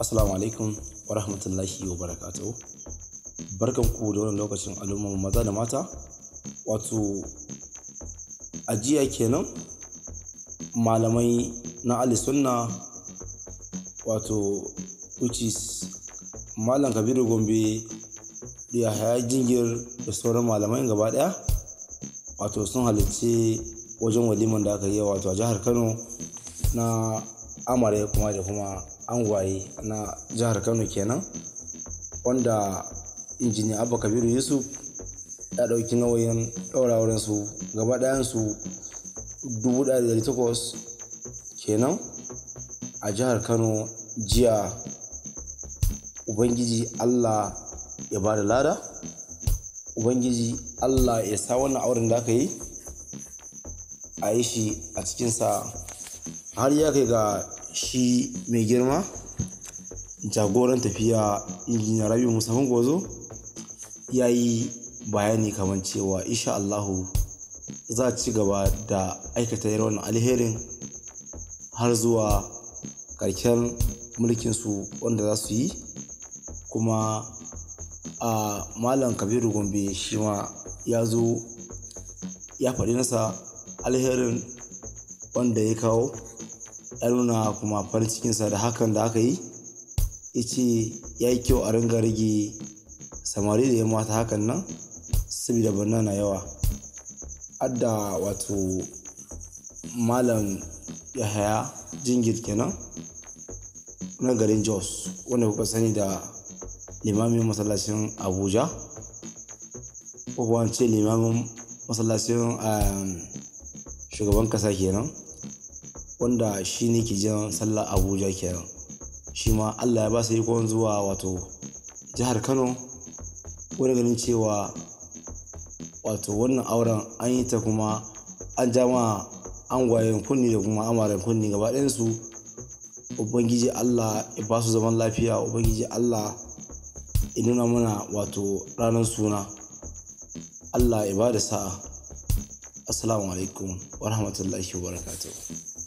Assalamu alaikum wa rahmatullahi wa barakatu Barkan ku da wannan lokacin al'ummar maza da mata. Wato ajiya kenan malamai na Ali Sunna wato which Malam Kabiru Gombe da Yahaya Jingir da sauran malamai gaba daya wato sun halarci wajen waliman da aka yi wato a jihar Kano na Amare kuma da kuma angwaye na jihar kano kenan wanda injiniya abba kabiru yusuf ya ɗauki nauyin ɗaura su gaba ɗayansu 1800 kenan a jihar kano jiya ubangiji allah ya ba da lada ubangiji allah ya sa wannan auren da aka yi a yi shi a cikinsa har ya kai ga shi mai girma jagoran tafiya injiniyar rabi Musa gozo ya yi bayani kamar cewa isha allahu za a ci gaba da aikata yawan alherin har zuwa karken mulkinsu wanda za su yi kuma a malam kabiru gombe shi ma ya zo ya faɗi nasa alherin wanda ya kawo ya nuna kuma farin cikinsa da hakan da aka yi ya ce ya yi kyau a ringa rage samari da ya mata hakan nan saboda barna na yawa adda wato malam yahaya jingir kenan na garin jos wanda kuka sani da limamin masallacin abuja ko kuma ce limamin masallacin um, shugaban kasa kenan wanda shi ne ke jiran sallah abuja kenan shi ma allah ya ba su ikon zuwa wato jihar kano wani ganin cewa wato wannan auren an yi ta kuma an jama angwayen kunni da kuma amaren kunni gaba ɗayansu ubangiji allah ya ba su zaman lafiya ubangiji allah ya nuna mana wato ranar suna allah ya ba da sa'a assalamu alaikum wa rahmatullahi wa barakatuh